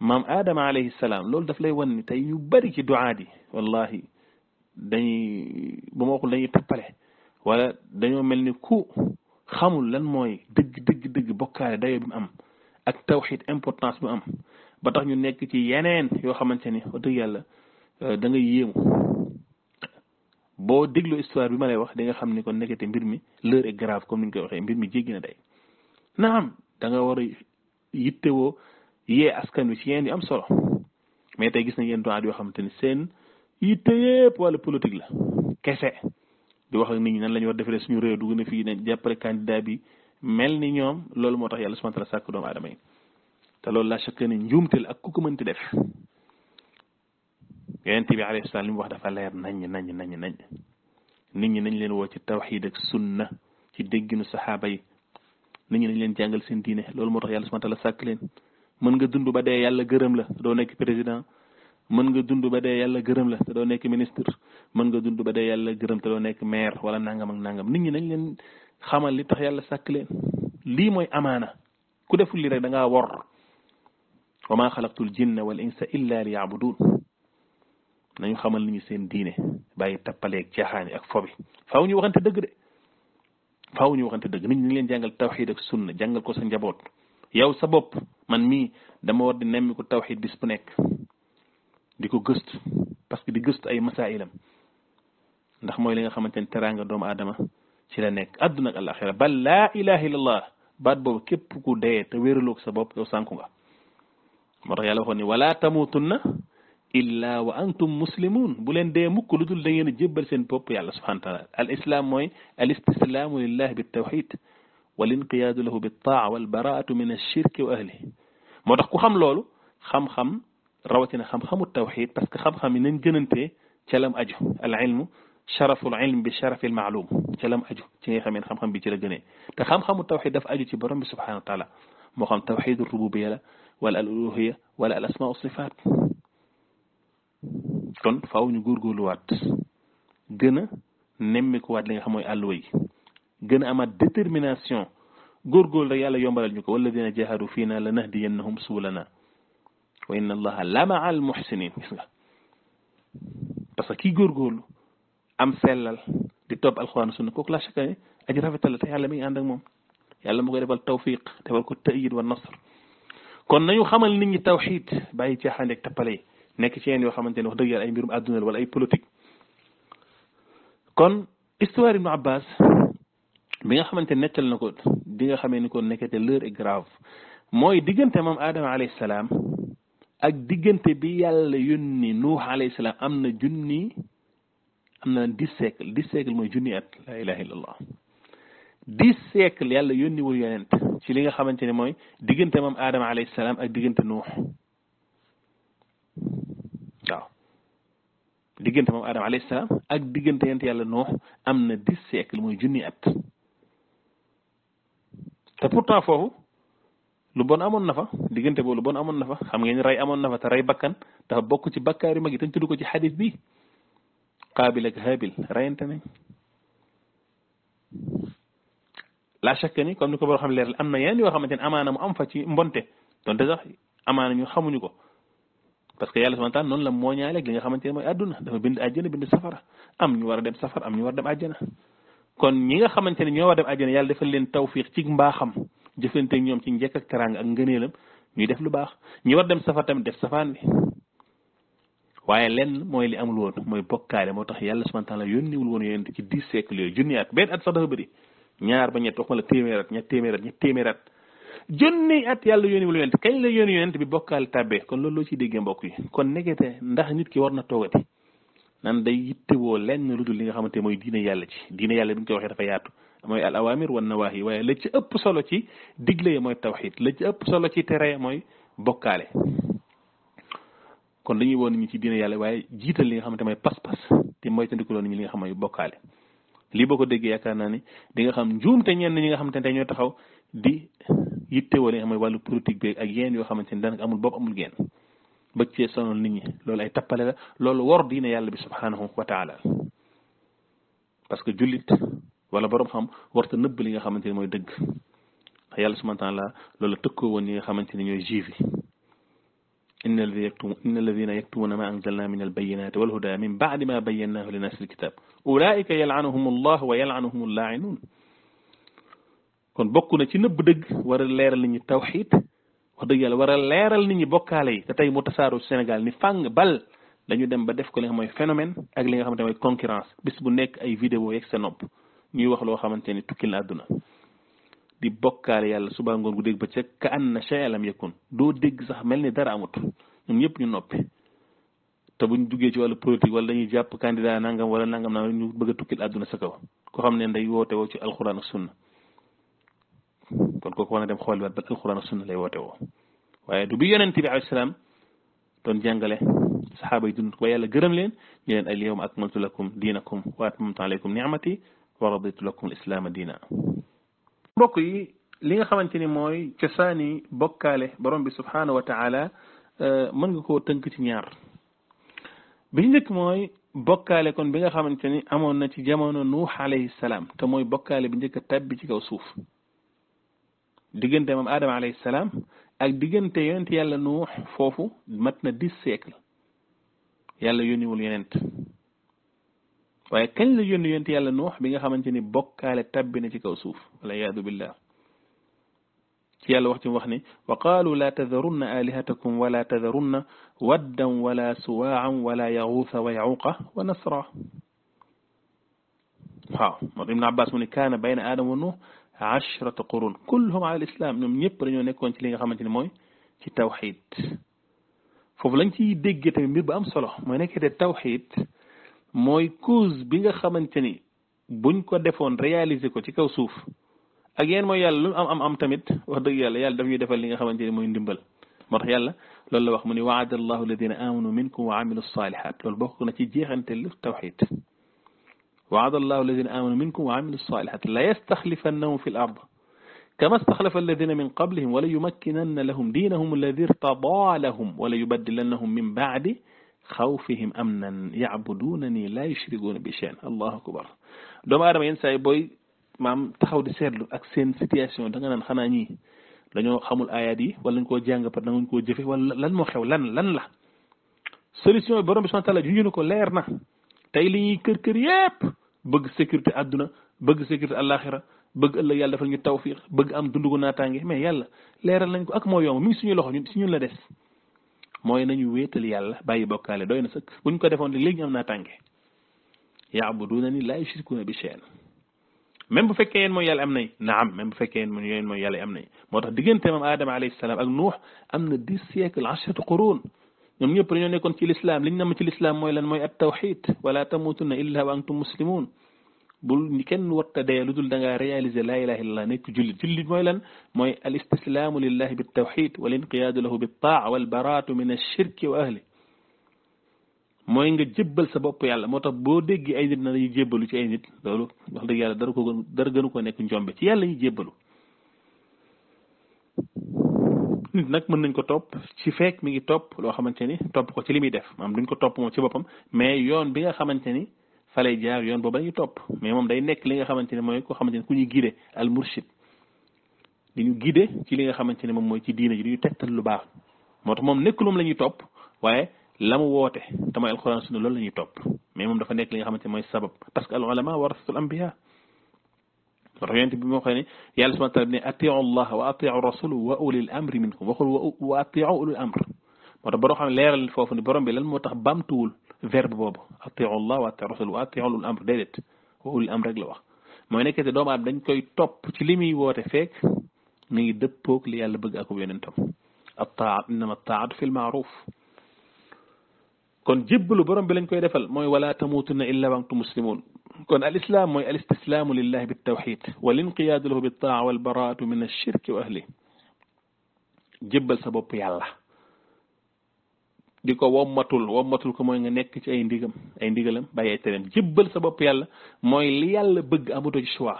maam Adama alayhi salaam loolu daf lay wan ni tey ñu bari ci duaat yi wallahi dañuy bu ma dañuy tappale wala dañoo mel ni ku xamul lan mooy dëgg dëgg dëgg bokkaale dayo bi mu am ak tawxid importance bu am ba tax ñu nekk ci yeneen yoo xamante ni wax dëgg yàlla euh, da nga yéemu boo déglu histoire bi ma lay wax di xam ni kon nekkati mbir mi l'heure est grave comme ni ñu koy waxee mbir mi jéggi na day naam da nga war a yittewoo yee askan wi ci yenn yu am solo mais te gis nañ yenn doxaat yoo xamante ni seen yitte yëpp wala politique la kese di wax ak nit ñi nan la ñu war suñu réew dugg na fii ne jàppale candidat bi mel ni ñoom loolu moo tax yàlla subhaanahu wa sàkk doomu aadama te loolu laa chaque ne njuumteel ak ku ko mënti def yonent bi alayhi salaam li mu wax dafa leer naññ naññ naññ naññ nit ñi nañ leen woo ci tawxiid ak sunna ci dégginu saxaaba yi nit ñi nañ jàngal seen loolu moo yàlla subhaanahu wa taala leen mën nga dund ba dee yàlla gërëm la doo nekk président mën nga dund ba dee yàlla gërëm la te doo nekk ministre mën nga dund ba day yàlla gërëmtaloo nekk maire wala nangam ak nangam nit ñi nañ leen xamal li tax yàlla sàkk leen lii mooy amaana ku deful li rek da ngaa wor wa maa xalaqtul wal insa illa li yaabudun nañu xamal nit ñi seen diine bàyyi tappaleek caaxaani ak fobi faaw ñu waxante dëgg de faaw ñu waxante dëgg nit ñi nañ leen jàngal tawxiid ak sunna jàngal ko sa njaboot yow sa bopp man mii dama war di nemmi ko tawxiid bu nekk di ko gëstu parce que di gëstu ay masailam ndax moy li nga xamanteni teranga doom adama ci la nek aduna ak al-akhirah bal la ilaha illallah bat bob kep ku de te wéeraloog sa bopp yow sànku nga motax yàlla waxoni wala tamutunna illa wa antum muslimun bu len de mukk lu dul da ngeen a sen seen yàlla subhanahu wa taala al islam moy al istislam lillah bit-tawhid wal inqiyad lahu bit taa wal baraatu min ash-shirk wa ahli motax ku xam lolu xam-xam rawatina xam-xamu tawhid parce que xam-xam ni ngeenante ci lam aju al ilmu شرف العلم بشرف المعلوم كلام أجو تيني خمين خم خم بيجي لجنة تخم خم التوحيد دف أجو تبرم سبحانه وتعالى مخم توحيد الربوبية ولا الألوهية ولا الأسماء والصفات كن فاو نجور جولوات جنة نمك واد لين خموي ألوهي جنة أما ديترميناسيون جور جول ريال يوم بدل نجوك والذين جاهدوا فينا لنهدينهم سولنا وإن الله لمع المحسنين بس كي جور جولو am sellal di top alquran sunna kok la shakka aji rafetal ta yàlla mi ànd ak mom yàlla mu koy defal tawfiq defal ko tayid wa nasr kon nañu xamal nit ñi tawhid bàyyi ci xande ak tapale nek ci yeen yo xamanteni wax deug yàlla ay mbirum àdduna wala ay politique kon histoire ibn abbas bi nga xamanteni netal nako di nga xamé ni ko nekete leur est grave moy digënté mom adam alayhi salam ak digënté bi yàlla yónni nuh alayhi salam amna junni am na dix siècle dix siècle mooy junni at la ilaha illallah dix siècle yàlla yónniwul yonent ci li nga xamante ne mooy diggante moom aadama alayhi ak diggante nuux moom aadama ak diggante yonent yàlla nuux am na dix siècle mooy junni at te pourtant foofu lu bon amoon na fa diggante boobu lu bon amoon na fa xam ngeen rey amoon na fa te rey bakkan dafa bokk ci bakkaar yu mag yi ñu tudd ci xadis bi قابل هابل رأنتني لا شك أني كم نكبر خم لير الأمن يعني وخم تين أمانة أم فتي مبنتة دون تزح أمانة يو خم نيكو بس كيال سمعت نون لم مونيا لك لين خم تين ما يدون دم بند أجنة بند سفرة أم يوار دم سفر أم يوار دم أجنة كون نيغا خامتاني نيو وادم اجينا يالا ديفال لين توفيق تي مباخم جيفنتي نيوم تي نجيك ترانغ اك غنيلم ني ديف لو باخ ني وادم سفر تام ديف سفان waaye lenn mooy li amul woon mooy bokkaale moo tax yàlla subhaana taala yónniwul woon yonent ci dix siècle yooyu junni at benn at sax dafa bëri ñaar ba ñett wax la téeméer at téeméerat téeméer at at junni at yàlla yónniwul yonent kañ la yónni yonent bi bokkaale tàbbee kon loolu loo ciy déggee mbokk yi kon nekkete ndax nit ki war na toogati nan day yittewoo lenn lu dul li nga xamante mooy diine yàlla ci diine yàlla bi ñu koy waxee dafa yaatu mooy al awamir wan nawaahi waaye la ci ëpp solo ci digle yi mooy tawxid la ci ëpp solo ci tere mooy bokkaale kon dañuy woon ñu ci diine yàlla waaye jiital li nga xamante mooy pas-pas te moytandiku loon ñi li nga xam mooy bokkaale lii boo ko déggee yaakaar naa ni di nga xam njuumte ñenn ñi nga xamante ne tey ñoo taxaw di yittewoo li nga xam mooy wàllu ak yéen yoo xamante ni daanaka amul bopp amul génn ba cee sonal nit ñi loolu ay tappale la loolu wor diine yàlla bi subhaanahu wa taala parce que jullit wala borom xam warta nëbb li nga xamante ni mooy dëgg ndax yàlla subhaanahu wa taala loolu tëkkoo woon ñi nga xamante ni ñooy juif yi إن الذي يكتم إن الذين يكتمون ما أنزلنا من البينات والهدى من بعد ما بيناه لناس الكتاب أولئك يلعنهم الله ويلعنهم اللاعنون كون بوكو نتي نيب دغ ورا ليرال نيت توحيد ودغ يال ورا ليرال نيت بوكالاي تا تاي متسارو السنغال ني فانغ بال لا نيو ديم با ديف كو ليغا موي فينومين اك ليغا خامتاني موي كونكورانس بيس بو نيك اي فيديو يك سنوب ني واخ لو خامتاني توكيل ادونا di bokkaale yàlla suba ngoon gu dégg ba cëg ka an na chay'alam yakun doo dégg sax mel ni dara amut ñun ñëpp ñu noppi te buñ duggee ci wàllu politique wala dañuy jàpp candidat nangam wala nangam na ñu bëgg a tukkil àdduna sa kaw ko xam ne nday woote woo ci alxuraan ak sunna kon kooku war xool waat ba alxuraan ak lay woote woo waaye du bi yonent bi a salaam doon jàngale saxaaba yi dund yàlla gërëm leen ñu leen al yawma akmaltu lakum diinakum wa atmamtu alaykum ni'mati wa raditu lakum al mbokk yi li nga xamante ni mooy cosaan yi bokkaale borom bi subhaana wa taala mën nga koo tënk ci ñaar bi ñu njëkk mooy bokkaale kon bi nga xamante ni amoon na ci jamono nuux alayhi salaam te mooy bokkaale bi njëkk a tabbi ci kaw suuf diggante moom aadama alayhi salaam ak diggante yonent yàlla nuux foofu mat na dix siècle yàlla yóniwul yonent waye kagn la yónni yent yàlla nuh bi nga xamanteni ni bokkaale ci kaw suuf la yaadu billah ci yàlla wax ci wax ni wa qaalu laa tadarunna alihatakum la tadhurunna waddan wa la suwa'an wa la yaxuusa wa ya'uqa wa nasra waaw moo ibn abbas mun kana bayna adam wa nuh 10 qurun kulluhum ala alislam ñom ñëpp dañu nekkon ci li nga xamanteni moy ci tawhid fofu lañ ci déggee tamit mbir bu am solo moy nekete tawhid moy cause bi nga xamanteni buñ ko defoon réaliser ko ci kaw suuf ak yéen moy yàlla lu am am am tamit wax deug yàlla yàlla daf defal li nga xamanteni moy ndimbal motax yàlla loolu la wax muni wa'adallahu alladhina amanu minkum wa amilu ssalihat loolu bokku na ci jeexante lu tawhid wa'adallahu alladhina amanu minkum wa amilu ssalihat la yastaxlifannahum fi l ard كما استخلف الذين من قبلهم وليمكنن لهم دينهم الذي ارتضى لهم وليبدلنهم من بعد خوفهم أمنا يعبدونني لا يشركون بشأن الله أكبر دوما أرام ينسى بوي مام تخاو دي سيرلو اك سين سيتياسيون داغا نان خانا ني دانيو خامول ايات يي ولا نكو جانغ با داغا نكو جيفي ولا لان مو خيو لان لان لا سوليسيون بروم سبحانه وتعالى جوني نكو ليرنا تاي لي ني كير كير ييب بغ سيكورتي ادنا بغ سيكورتي الاخره بغ الله يالا فال ني توفيق بغ ام دوندو ناتانغي مي يالا ليرال نانكو اك مو يوم مي سونو لوخو ني سونو لا ديس moy nañu wétal yàlla bàyyi bokalé doyna sëkk buñ ko défon léegi ñam na tànge ya abuduna ni la yushrikuuna bi shay'in même bu féké yéen mooy yàlla am nañ naam même bu féké yéen mooy yàlla am nañ moo tax diggante moom alayhi salam ak Nuux amna 10 siècle 10 qurun ñom ñëpp dañoo nekkon ci l'islam liñ nam ci l'islam moy lan moy at tawhid wala tamutunna illa wa antum muslimun bul ni kenn watta dee lu dul da nga réaliser la ilaha illallah nek julit julit moy lan moy al istislam lillah bit tawhid wal inqiyad lahu bit ta' wal baraatu min ash shirk wa ahli moy nga jebal sa bop yàlla moo bo deggi ay nit na lay jebalu ci ay nit lolu wax deug yàlla dar ko dar gënu ko nek njombe ci yàlla ñuy jebalu nit nak mën nañ ko top ci fek mi ngi top lo xamanteni top ko ci limi def am duñ ko top mo ci bopam mais yoon bi nga xamanteni fa lay jaar yoon boobu dañuy topp mais moom day nekk li nga xamante ne mooy koo xamante ne ku ñu guidé al murshid di ñu guidé ci li nga xamante ne moom mooy ci diine ji di ñu tegtal lu baax moo tax moom nekk moom la ñuy topp waaye la mu woote te mooy alxuraan sunna loolu la ñuy topp mais moom dafa nekk li nga xamante ne mooy sabab parce que al ulama warasatul anbiya moo tax yonent bi moo xam ne yàlla subhaanahu wa taala ne atiu allah wa atiu rasul wa ulil amri minkum waxul wa atiu ulil amr moo tax boo xam leeral foofu ne borom bi lan moo tax bamtuwul bobu بابا allah wa واطيعوا rasul wa atiiu ulul amr dedet wa ulul amr rek la wax moy nekk te doom aadama dañ koy top ci li wote fek fekk mi ngi dëppoog li yàlla bëgg akub yonentam attaat at-ta'at fil ma'ruf kon jébbalu borom bi lañ koy defal moy wala tamutuna illa wa antum muslimun kon al islam moy al lillah bit tawhid wal inqiyaadu lahu ta'a wal baraatu min ash-shirk wa ahli jébbal sa bop yàlla diko ko wommatul wommatul ko mooy nga nekk ci ay ndigam ay ndigalam bàyyi ay tereem jébbal sa bopp yàlla mooy li yàlla bëgg amuto ci choix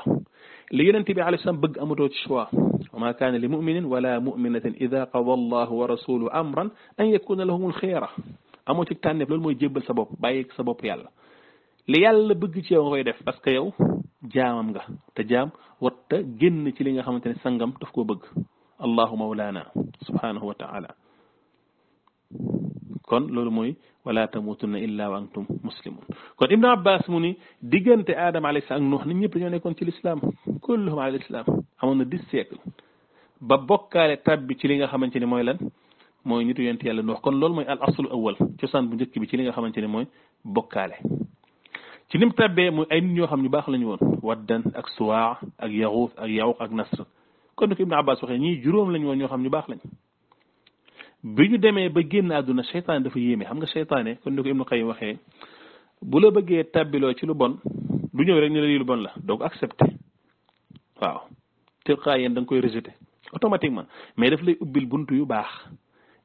li yonente bi alayhi salaam bëgg amatoo ci choix wa ma kaana li muminin wala muminatin ida qada Allah wa rasuluhu amran an yakuna lahumul xiyara amoo ci tànneef loolu mooy jébbal sa bopp bàyyi sa bopp yàlla li yàlla bëgg ci yow nga def parce que yow jaamam nga te jaam watta génn ci li nga xamante sangam daf koo bëgg allahu mawlaana subhanahu wa taala kon loolu mooy wala tamutunna illa wa antum muslimun kon ibnu abbas muni ni adam alayhi salam nuh nuux ñëpp dañoo nekkon ci l'islam kulluhum ala l'islam amono 10 siècle ba bokkaale tabbi ci li nga xamanteni moy lan moy nitu yent yàlla nuh kon loolu moy al aslu awal cosaan bu njëkk bi ci li nga xamanteni moy mooy ci nim tabbe muy ay nit ñoo xamni ñu baax lañu won waddan ak suwa ak yaghuf ak yawuq ak nasr kon ibnu abbas waxe ñi juróom lañu won ñoo xamni ñu baax lañ bi ñu demee ba génn àdduna seytaane dafa yéeme xam nga seytaane kon ni ko Ibnu Qayyim waxee bu la bëggee tàbbiloo ci lu bon du ñëw rek ñu la lii lu bon la donc accepté waaw tilqaa yéen da nga koy rejeté automatiquement mais daf lay ubbil bunt yu baax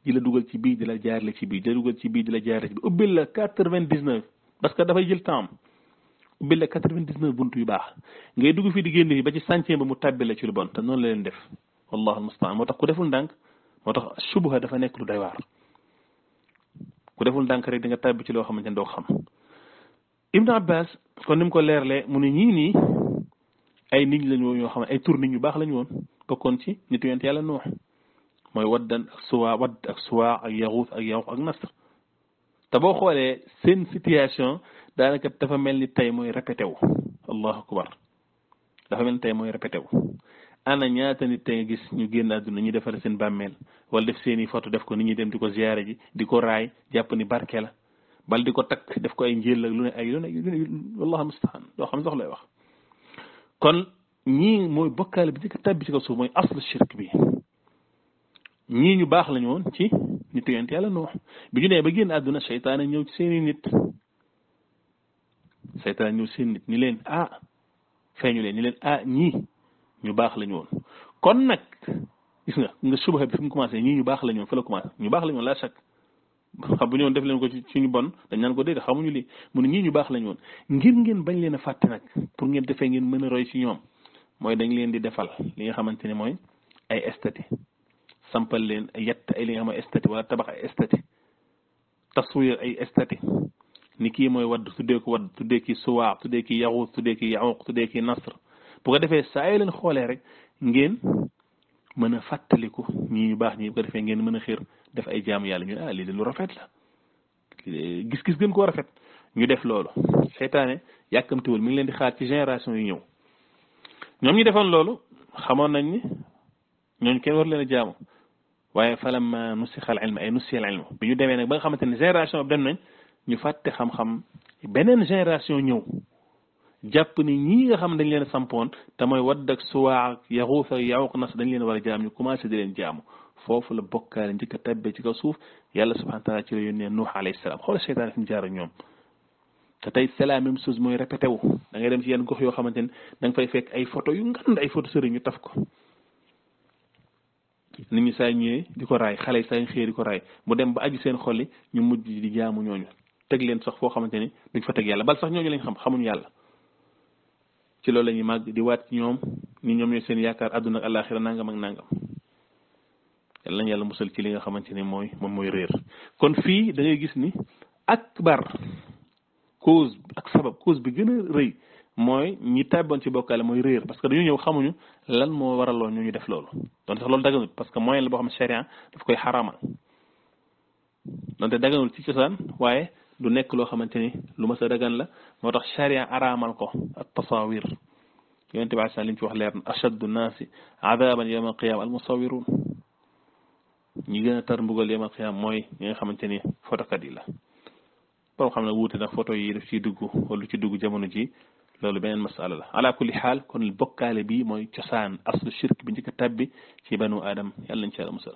di la dugal ci bii di la jaarale ci bii di la dugal ci bii di la jaarale ci bii ubbil la quatre vingt parce que dafay jël temps ubbil la quatre vingt dix bunt yu baax ngay dugg fii di génn fii ba ci centième ba mu tàbbi la ci lu bon te noonu leen def wallahu almustaan moo tax ku deful ndànk motax shubha dafa nek lu doy war ku deful dank rek di nga tàbbi ci lo xamante do xam Ibn Abbas kon nim ko leerlee mu ñi ni nii ay nit lañ woon ñoo xam ay tur nit ñu baax lañ woon kon ci nitu yent yàlla nuh moy waddan ak suwa wad ak suwa ak yaxuus ak yaq ak nasr ta bo xolé sen situation daanaka dafa melni tay moy répété wu allahu akbar dafa melni tay moy répété wu ana ñaata nit tey gis ñu génn àdduna ñu defar seen bàmmeel wala def seen i foto def ko nit ñi dem di ko ziyaare ji di ko raay jàpp ni barke la bal di ko takk def ko ay njël ak lu ne ay lu ne wallahu mustaan ne xam lay wax mooy bokkaale bi ci tabbi ci ko suuf mooy aslu shirk ñu baax lañu ci nit yent yàlla ba génn àdduna seytaane ñëw seeni nit seytaane ñëw seen nit ni leen ah feeñu leen ñi leen ah ñii ñu baax lañu woon kon nag gis nga nga suba bi fi mu ñii ñu baax la ñu woon fa la commencé ñu baax la ñu woon laa chaque xam bu ñëwoon def leen ko ci ñu bon dañ naan ko dégg xamuñu li mun ne ñii ñu baax la ñu woon ngir ngeen bañ leen a fàtte nag pour ngeen defee ngeen mën a roy ci ñoom mooy dañ leen di defal li nga xamante ne mooy ay estati sampal leen yett ay li nga xam ne estati wala tabax ay estati taswir ay estati ni kii mooy wadd tuddee ko wadd tuddee kii suwaab tuddee kii yaxuut tuddee kii yaxuuq tuddee kii nasr bu ko defee saa leen xoolee rek ngeen mën a fàttaliku ñi ñu baax ñi bu ko defee ngeen mën a xéer def ay jaamu yàlla ñu ah lii de lu rafet la gis-gis gën koo rafet ñu def loolu seytaane yàkkamtiwul mi ngi leen di xaar ci génération yu ñëw ñoom ñu defoon loolu xamoon nañ ni ñooñu kenn war leen a jaamu waaye falamma nusixa al ilma ay nusixa al ilma bi ñu demee nag ba nga xamante ne génération bi dem nañ ñu fàtte xam-xam beneen génération ñëw jàpp ni ñii nga xam dañ leen sampoon te mooy wadd ak suwaa ak yaxuus ak yawuq nas dañ leen war a jaam ñu commencé di leen jaamu foofu la bokkaale njëkk a tabbee ci kaw suuf yàlla subhanahu wa taala ci la yónnee nuux xool seytaane fi mu jaar ak ñoom te mooy répété wu da ngay dem ci yenn yoo xamante ne da nga fekk ay photo yu ngand ay photo ñu taf ko nit ñi saa ñëwee di ko raay xale yi saa ko raay mu dem ba aju seen xol ñu mujj di jaamu ñooñu teg leen sax foo xamante ni duñ fa teg yàlla sax ñooñu lañ xam xamuñu yàlla ci loolu lañuy ñuy màgg di waat ci ñoom ni ñoom ñooy seen yaakaar àdduna ak nangam ak nangam yal nañ yàlla musal ci li nga xamante ne mooy moom mooy réer kon fii da gis ni akbar cause ak sabab cause bi gën a rëy mooy ñi tàbboon ci bokkaale mooy réer parce que dañu ñëw xamuñu lan moo waraloon ñu ñu def loolu doon sax loolu daganut parce que moyen la boo xam ne charia daf koy xaraamal donte daganul ci cosaan waaye du nek lo xamanteni lu ma sa dagan la motax sharia aramal ko at tasawir yonente ba alayhi ci wax leer ashadu na ashaddu yawm al qiyam al musawirun ñi gëna tar mbugal yawm al qiyam moy ñi nga xamanteni photo fotokat yi la bo xamna wuti na photo yi daf ci dugg wala ci dugg jamono ji lolu benen masala la ala kulli hal kon bokkaale bi moy ciosan aslu shirk bi njëkk a tabbi ci banu adam yàlla nañ ci yàlla musal